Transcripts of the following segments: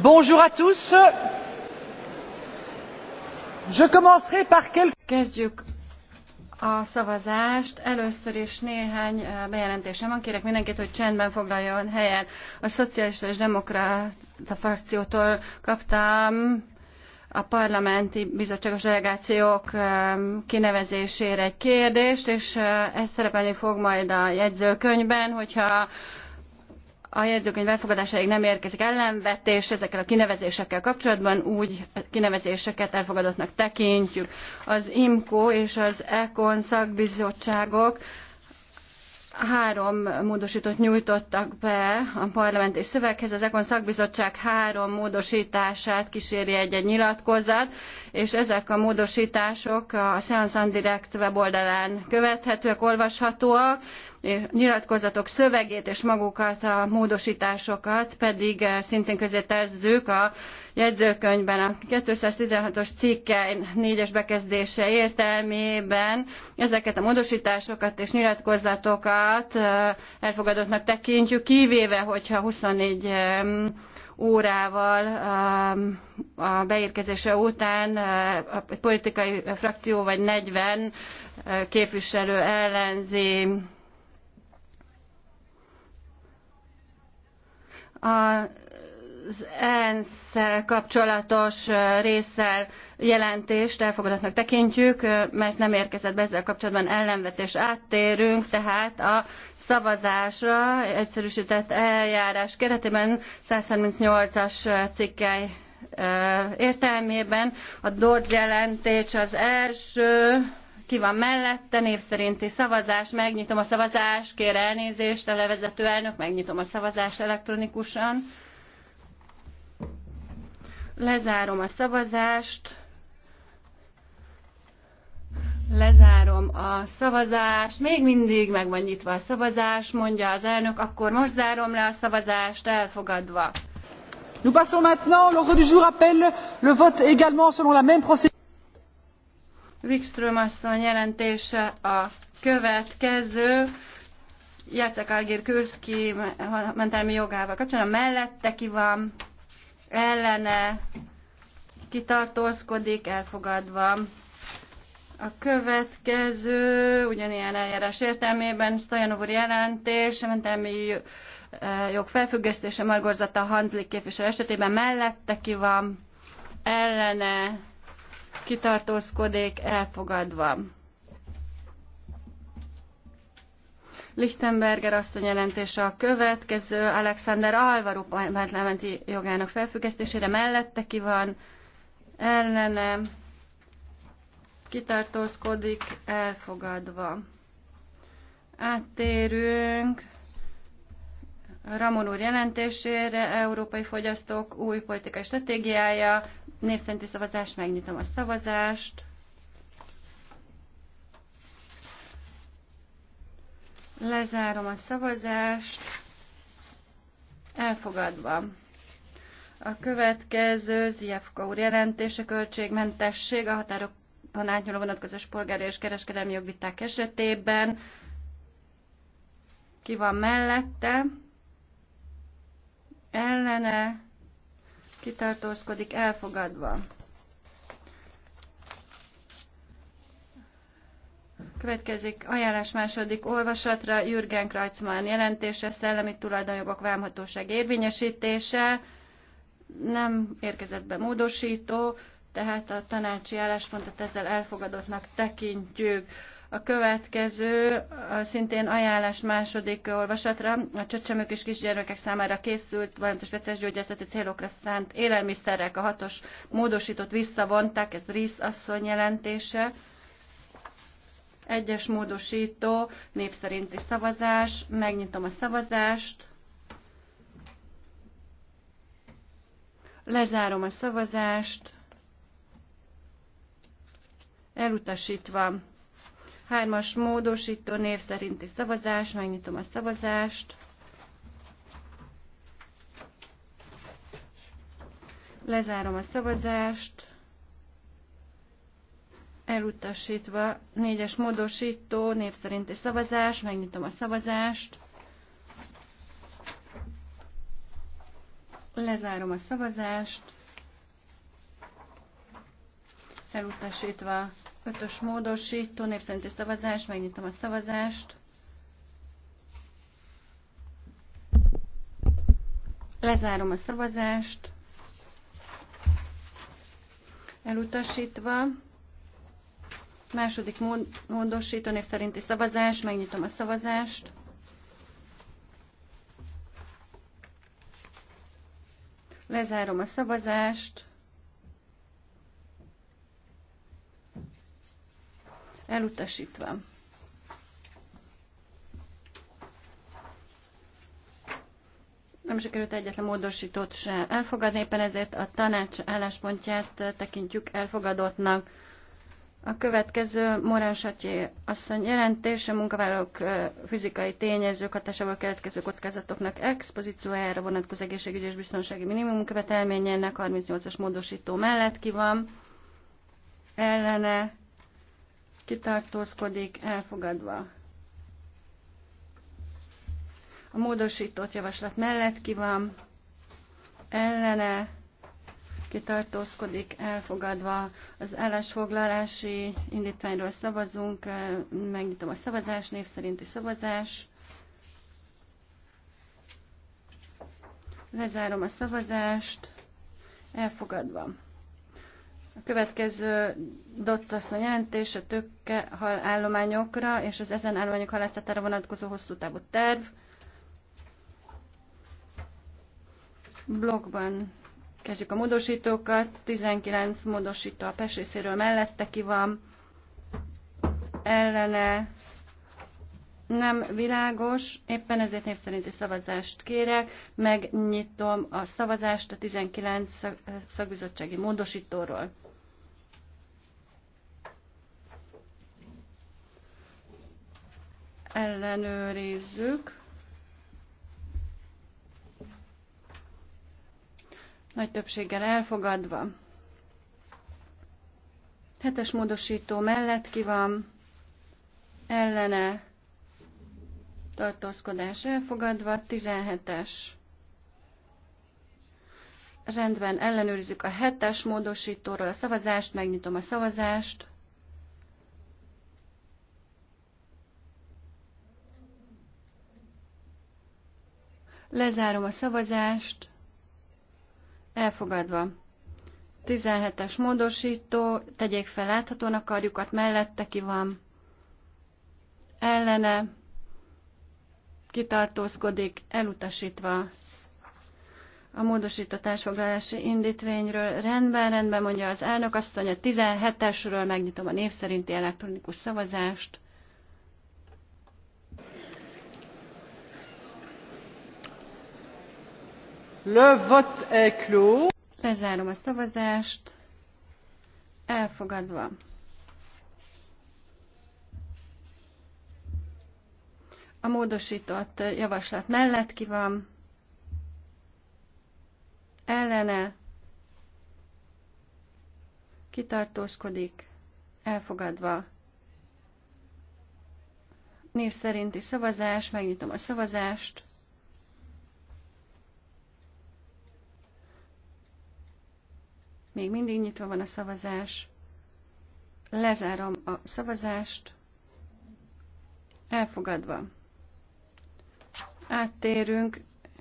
Bonjour à tous. Je commencerai par quelques... Kezdjük a szavazást. Először is néhány eh, bejelentésem van. Kérek mindenkit, hogy csendben foglaljon helyet. A Szocialista és Demokrata frakciótól kaptam a parlamenti bizottságos delegációk eh, kinevezésére egy kérdést, és eh, ez szerepelni fog majd a jegyzőkönyvben, hogyha a jegyzőkönyv elfogadásáig nem érkezik ellenvetés ezekkel a kinevezésekkel kapcsolatban, úgy kinevezéseket elfogadottnak tekintjük. Az IMCO és az ECON szakbizottságok három módosítót nyújtottak be a parlamenti szöveghez. Az EKON szakbizottság három módosítását kíséri egy-egy nyilatkozat, és ezek a módosítások a Science on Direct weboldalán követhetőek, olvashatóak nyilatkozatok szövegét és magukat a módosításokat pedig eh, szintén közé tezzük a jegyzőkönyvben a 216-os cikke 4-es bekezdése értelmében ezeket a módosításokat és nyilatkozatokat eh, elfogadottnak tekintjük, kivéve, hogyha 24 órával a beérkezése után eh, a politikai frakció vagy 40 képviselő ellenzi az ensz kapcsolatos résszel jelentést elfogadottnak tekintjük, mert nem érkezett be ezzel kapcsolatban ellenvetés. Áttérünk tehát a szavazásra egyszerűsített eljárás keretében 138-as cikkely értelmében a DOD jelentés az első ki van mellette, név szerinti szavazás, megnyitom a szavazást, kér elnézést a levezető elnök, megnyitom a szavazást elektronikusan. Lezárom a szavazást. Lezárom a szavazást. Még mindig meg van nyitva a szavazás, mondja az elnök, akkor most zárom le a szavazást, elfogadva. Nous passons maintenant, l'ordre du jour appelle le vote également selon la même procédure. Wikström asszony jelentése a következő. Jacek Algér Külszki mentelmi jogával kapcsolatban mellette ki van, ellene kitartózkodik, elfogadva. A következő, ugyanilyen eljárás értelmében, Stojanov úr jelentés, mentelmi jog felfüggesztése, Margorzata Handlik képviselő esetében mellette ki van, ellene kitartózkodék elfogadva. Lichtenberger asszony jelentése a következő, Alexander Alvaro parlamenti jogának felfüggesztésére mellette ki van, ellene kitartózkodik, elfogadva. Áttérünk Ramon úr jelentésére, Európai Fogyasztók új politikai stratégiája, népszerinti szavazás, megnyitom a szavazást. Lezárom a szavazást. Elfogadva. A következő Zievka úr jelentése költségmentesség a határokon átnyúló vonatkozó polgári és kereskedelmi jogviták esetében. Ki van mellette? ellene kitartózkodik elfogadva. Következik ajánlás második olvasatra Jürgen Krajcman jelentése, szellemi tulajdonjogok vámhatóság érvényesítése. Nem érkezett be módosító, tehát a tanácsi álláspontot ezzel elfogadottnak tekintjük. A következő a szintén ajánlás második olvasatra a csöcsömök és kisgyermekek számára készült, valamint a speciális gyógyászati célokra szánt élelmiszerek, a hatos módosított visszavonták, ez rész asszony jelentése. Egyes módosító, népszerinti szavazás, megnyitom a szavazást. Lezárom a szavazást. Elutasítva Hármas módosító név szerinti szavazás, megnyitom a szavazást. Lezárom a szavazást. Elutasítva négyes módosító név szerinti szavazás, megnyitom a szavazást. Lezárom a szavazást. Elutasítva Ötös módosító, népszerinti szavazás, megnyitom a szavazást. Lezárom a szavazást. Elutasítva. Második módosító név szerinti szavazás. Megnyitom a szavazást. Lezárom a szavazást. elutasítva. Nem sikerült egyetlen módosítót se elfogadni, éppen ezért a tanács álláspontját tekintjük elfogadottnak. A következő Morán Satyi asszony jelentése munkavállalók fizikai tényezők hatásával keletkező kockázatoknak expozíciójára vonatkozó egészségügyi és biztonsági minimum követelményének 38-as módosító mellett ki van, ellene kitartózkodik, elfogadva. A módosított javaslat mellett ki van, ellene, kitartózkodik, elfogadva. Az állásfoglalási indítványról szavazunk, megnyitom a szavazás, név szerinti szavazás. Lezárom a szavazást, elfogadva. A következő Dottasszony jelentés a tőkehal állományokra és az ezen állományok halászatára vonatkozó hosszú távú terv. Blogban kezdjük a módosítókat. 19 módosító a PES részéről mellette ki van. Ellene nem világos, éppen ezért név szerinti szavazást kérek, megnyitom a szavazást a 19 szakbizottsági módosítóról. Ellenőrizzük. Nagy többséggel elfogadva. Hetes módosító mellett ki van, ellene tartózkodás elfogadva, 17-es. Rendben, ellenőrizzük a 7-es módosítóról a szavazást, megnyitom a szavazást. Lezárom a szavazást. Elfogadva. 17-es módosító, tegyék fel láthatónak karjukat, mellette ki van. Ellene kitartózkodik, elutasítva a módosított társfoglalási indítványról. Rendben, rendben, mondja az elnök asszony, a 17-esről megnyitom a név szerinti elektronikus szavazást. Le vote est clos. Lezárom a szavazást. Elfogadva. A módosított javaslat mellett ki van, ellene, kitartózkodik, elfogadva. Név szerinti szavazás, megnyitom a szavazást. Még mindig nyitva van a szavazás. Lezárom a szavazást. Elfogadva. Áttérünk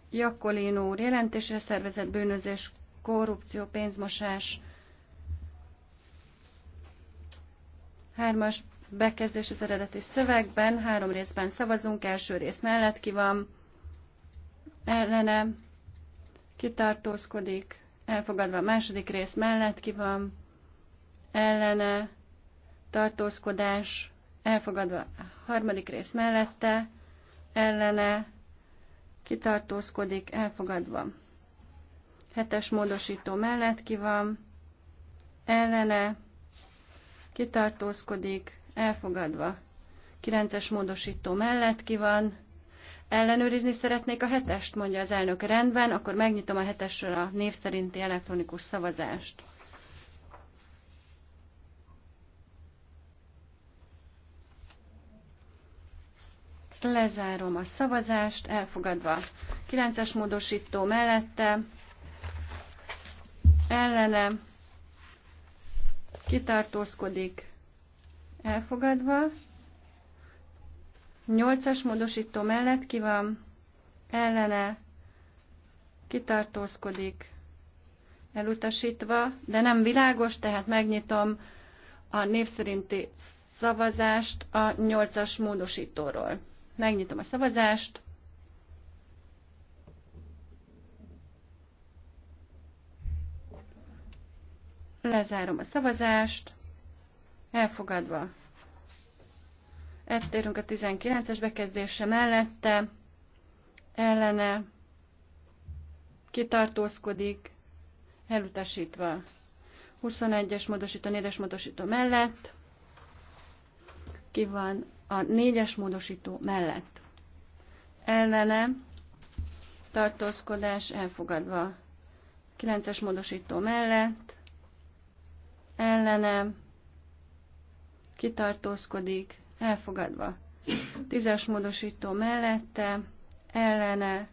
Jakolin úr jelentésre szervezett bűnözés, korrupció, pénzmosás. Hármas bekezdés az eredeti szövegben, három részben szavazunk, első rész mellett ki van, ellene, kitartózkodik, elfogadva a második rész mellett ki van, ellene, tartózkodás, elfogadva a harmadik rész mellette, ellene, kitartózkodik, elfogadva. Hetes módosító mellett ki van, ellene, kitartózkodik, elfogadva. Kilences módosító mellett ki van, ellenőrizni szeretnék a hetest, mondja az elnök rendben, akkor megnyitom a hetesről a név szerinti elektronikus szavazást. Lezárom a szavazást, elfogadva 9-es módosító mellette, ellene, kitartózkodik, elfogadva, 8-as módosító mellett ki van, ellene, kitartózkodik, elutasítva, de nem világos, tehát megnyitom a név szerinti szavazást a 8-as módosítóról. Megnyitom a szavazást. Lezárom a szavazást. Elfogadva. Eltérünk a 19-es bekezdése mellette. Ellene. Kitartózkodik. Elutasítva. 21-es módosító, 4-es módosító mellett. Ki van a négyes módosító mellett. Ellene tartózkodás elfogadva. Kilences módosító mellett. Ellene kitartózkodik elfogadva. Tízes módosító mellette. Ellene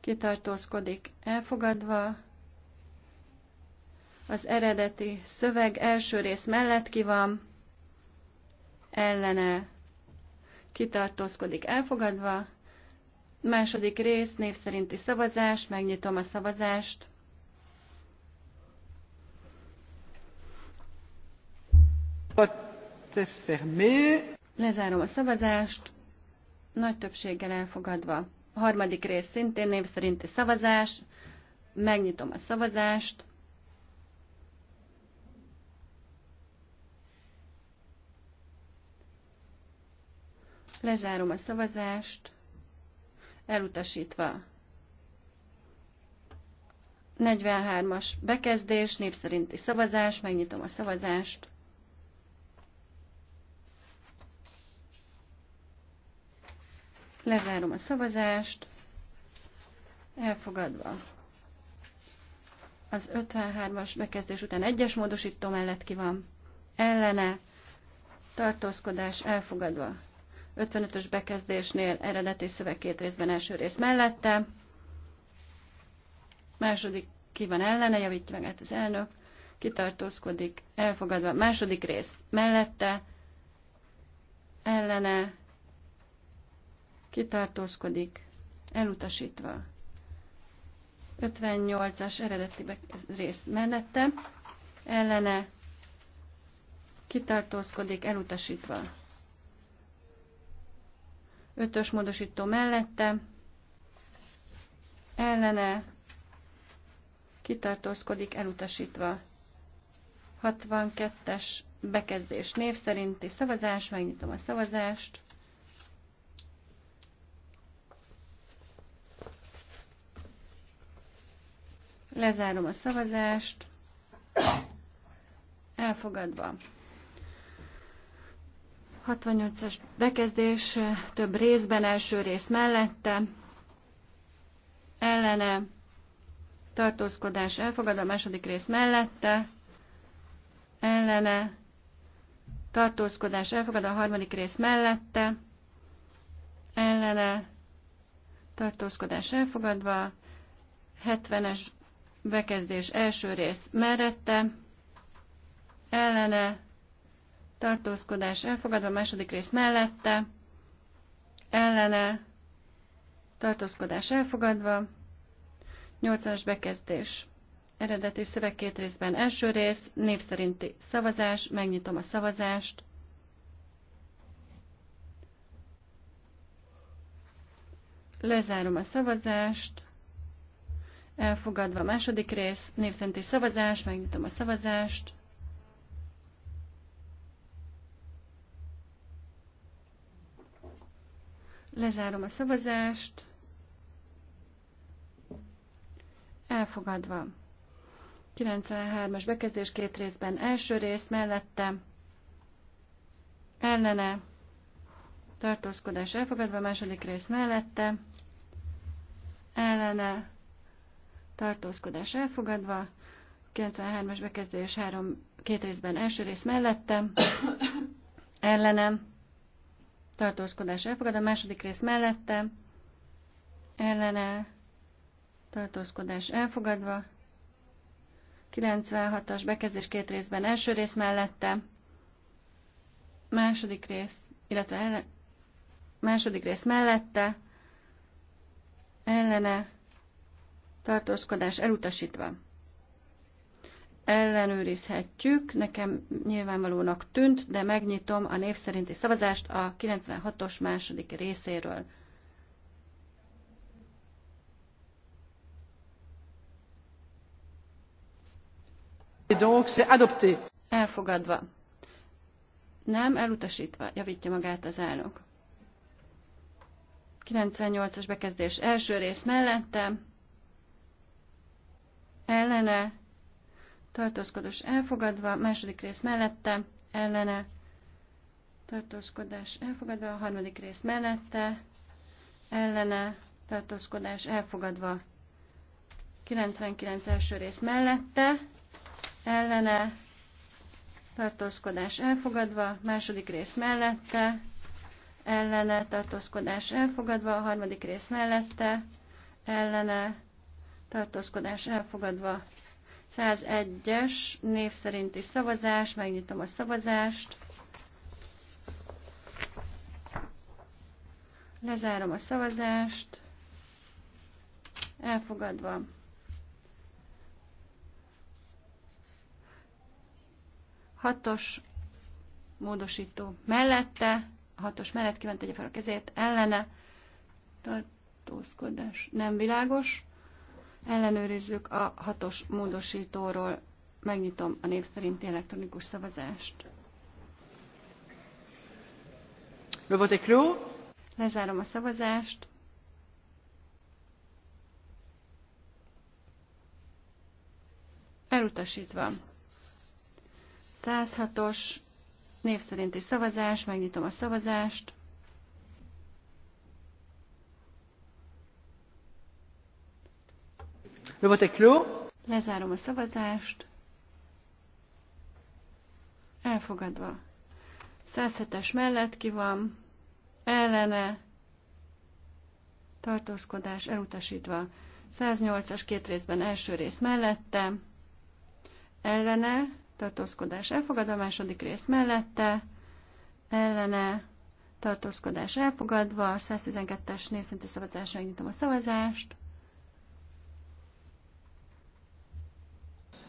kitartózkodik elfogadva. Az eredeti szöveg első rész mellett ki van ellene kitartózkodik elfogadva. Második rész, név szerinti szavazás, megnyitom a szavazást. Lezárom a szavazást, nagy többséggel elfogadva. A harmadik rész szintén név szerinti szavazás, megnyitom a szavazást. Lezárom a szavazást, elutasítva. 43-as bekezdés, népszerinti szavazás, megnyitom a szavazást. Lezárom a szavazást. Elfogadva. Az 53-as bekezdés után egyes módosító mellett ki van. Ellene. Tartózkodás elfogadva. 55-ös bekezdésnél eredeti szöveg két részben első rész mellette, második ki van ellene, javítja meg az elnök, kitartózkodik, elfogadva, második rész mellette, ellene, kitartózkodik, elutasítva. 58-as eredeti rész mellette, ellene, kitartózkodik, elutasítva. Ötös módosító mellette, ellene kitartózkodik elutasítva. 62-es bekezdés név szerinti szavazás, megnyitom a szavazást. Lezárom a szavazást. Elfogadva. 68-as bekezdés több részben, első rész mellette, ellene, tartózkodás elfogad, a második rész mellette, ellene, tartózkodás elfogad, a harmadik rész mellette, ellene, tartózkodás elfogadva, 70-es bekezdés első rész mellette, ellene, tartózkodás elfogadva, második rész mellette, ellene, tartózkodás elfogadva, 80-as bekezdés. Eredeti szöveg két részben. Első rész, név szerinti szavazás, megnyitom a szavazást. Lezárom a szavazást. Elfogadva a második rész, név szerinti szavazás, megnyitom a szavazást. Lezárom a szavazást. Elfogadva. 93-as bekezdés két részben. Első rész mellette ellene tartózkodás elfogadva, második rész mellette ellene tartózkodás elfogadva, 93-as bekezdés három két részben első rész mellette ellene tartózkodás elfogad, a második rész mellette, ellene, tartózkodás elfogadva, 96-as bekezdés két részben első rész mellette, második rész, illetve ellen, második rész mellette, ellene, tartózkodás elutasítva ellenőrizhetjük. Nekem nyilvánvalónak tűnt, de megnyitom a név szerinti szavazást a 96-os második részéről. Elfogadva. Nem, elutasítva, javítja magát az elnök. 98-as bekezdés első rész mellette, ellene, tartózkodás elfogadva, második rész mellette, ellene, tartózkodás elfogadva, a harmadik rész mellette, ellene, tartózkodás elfogadva, 99 első rész mellette, ellene, tartózkodás elfogadva, második rész mellette, ellene, tartózkodás elfogadva, a harmadik rész mellette, ellene, tartózkodás elfogadva, 101-es név szerinti szavazás, megnyitom a szavazást. Lezárom a szavazást. Elfogadva. Hatos módosító mellette, a hatos mellett kívánt tegye fel a kezét, ellene, tartózkodás nem világos. Ellenőrizzük a hatos módosítóról. Megnyitom a név szerinti elektronikus szavazást. Le vote Lezárom a szavazást. Elutasítva. 106-os név szavazás, megnyitom a szavazást. Le vote est clos. Lezárom a szavazást. Elfogadva. 107-es mellett ki van, ellene, tartózkodás elutasítva. 108-as két részben első rész mellette, ellene, tartózkodás elfogadva, második rész mellette, ellene, tartózkodás elfogadva, 112-es nézszinti szavazásra nyitom a szavazást.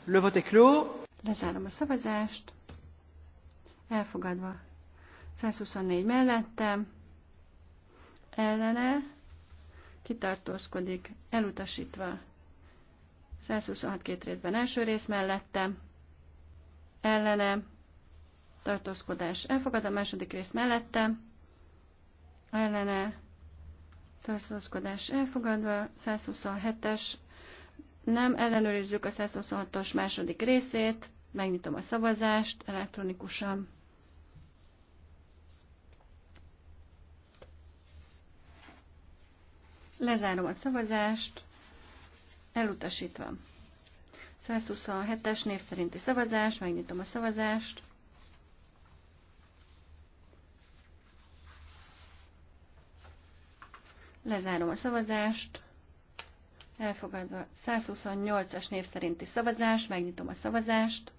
Le vote est clos. Lezárom a szavazást. Elfogadva. 124 mellettem. Ellene. Kitartózkodik. Elutasítva. 126 két részben első rész mellettem. Ellene. Tartózkodás. Elfogad a második rész mellettem. Ellene. Tartózkodás elfogadva, 127-es nem, ellenőrizzük a 126-os második részét, megnyitom a szavazást elektronikusan. Lezárom a szavazást, elutasítva. 127-es név szerinti szavazás, megnyitom a szavazást. Lezárom a szavazást. Elfogadva. 128-as név szerinti szavazás. Megnyitom a szavazást.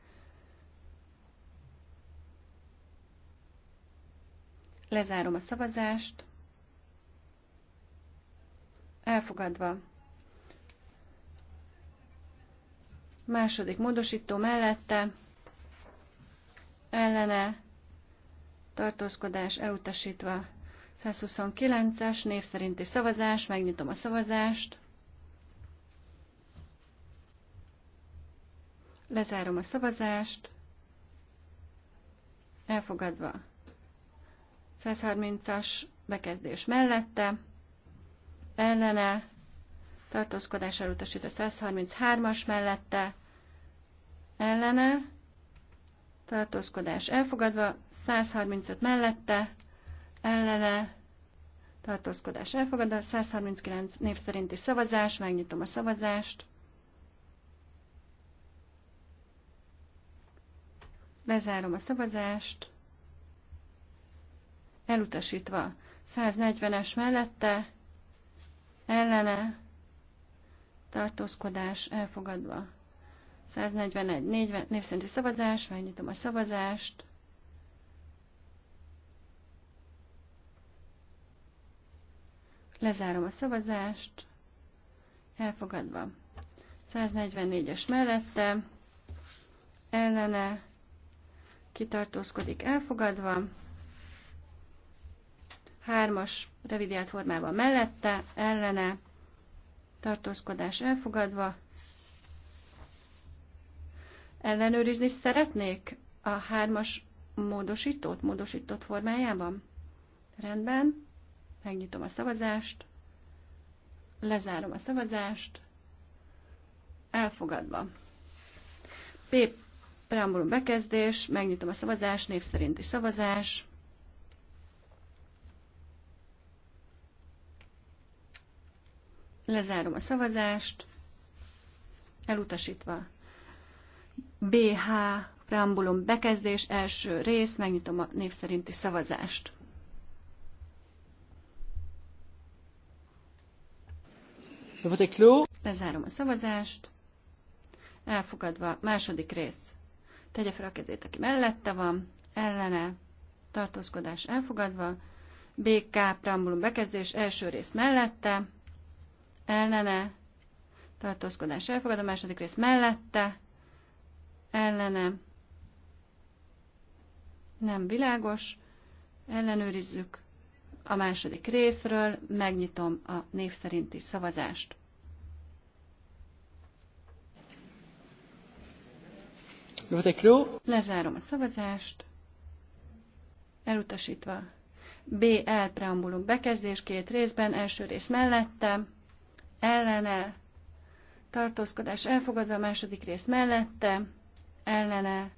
Lezárom a szavazást. Elfogadva. Második módosító mellette. Ellene. Tartózkodás elutasítva. 129-es név szerinti szavazás. Megnyitom a szavazást. Lezárom a szavazást. Elfogadva. 130-as bekezdés mellette. Ellene. Tartózkodás elutasítva 133-as mellette. Ellene. Tartózkodás elfogadva. 135 mellette. Ellene tartózkodás elfogadás, 139 név szerinti szavazás, megnyitom a szavazást. Lezárom a szavazást. Elutasítva. 140-es mellette, ellene, tartózkodás elfogadva. 141 40, név szavazás, megnyitom a szavazást. Lezárom a szavazást. Elfogadva. 144-es mellette, ellene, kitartózkodik elfogadva, hármas revidiált formában mellette, ellene, tartózkodás elfogadva. Ellenőrizni szeretnék a hármas módosítót, módosított formájában? Rendben, megnyitom a szavazást, lezárom a szavazást, elfogadva. P Preambulum bekezdés, megnyitom a szavazás név szerinti szavazás. Lezárom a szavazást, elutasítva. BH preambulum bekezdés, első rész, megnyitom a név szerinti szavazást. Lezárom a szavazást. Elfogadva. Második rész tegye fel a kezét, aki mellette van, ellene, tartózkodás elfogadva, BK preambulum bekezdés első rész mellette, ellene, tartózkodás elfogadva, második rész mellette, ellene, nem világos, ellenőrizzük a második részről, megnyitom a név szerinti szavazást. Lezárom a szavazást. Elutasítva. BL preambulum bekezdés két részben, első rész mellette, ellene, tartózkodás elfogadva, második rész mellette, ellene,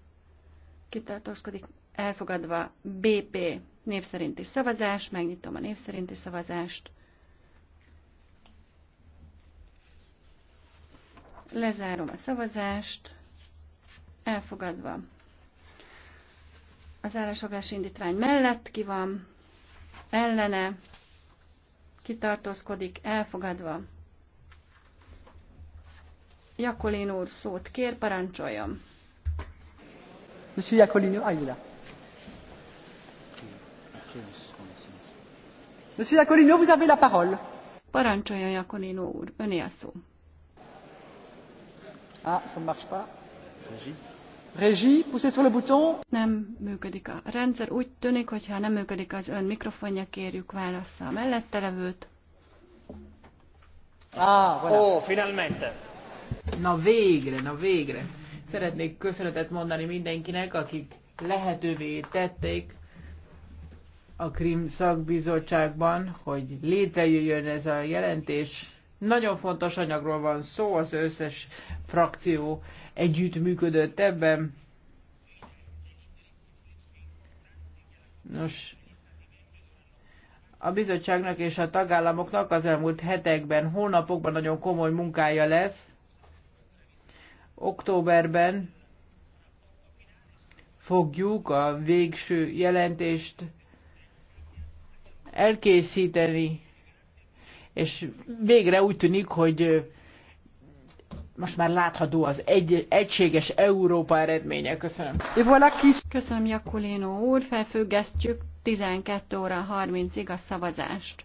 kitartózkodik elfogadva, BP névszerinti szavazás, megnyitom a névszerinti szavazást. Lezárom a szavazást elfogadva. Az állásfoglalási indítvány mellett ki van, ellene, kitartózkodik, elfogadva. Jakolin úr szót kér, parancsoljon. Monsieur Jacolino, állj Monsieur Jacolino, vous avez la parole. Parancsoljon, Jacolino úr, öné a szó. Ah, ça ne marche pas. Régis. Nem működik a rendszer. Úgy tűnik, hogyha nem működik az ön mikrofonja, kérjük válassza a mellette levőt. Ah, voilà. Oh, finalmente. Na végre, na végre. Szeretnék köszönetet mondani mindenkinek, akik lehetővé tették a Krim szakbizottságban, hogy létrejöjjön ez a jelentés, nagyon fontos anyagról van szó, az összes frakció működött ebben. Nos, a bizottságnak és a tagállamoknak az elmúlt hetekben, hónapokban nagyon komoly munkája lesz. Októberben fogjuk a végső jelentést elkészíteni és végre úgy tűnik, hogy most már látható az egy, egységes Európa eredménye. Köszönöm. Köszönöm, Jakulino úr. Felfüggesztjük 12 óra 30-ig a szavazást.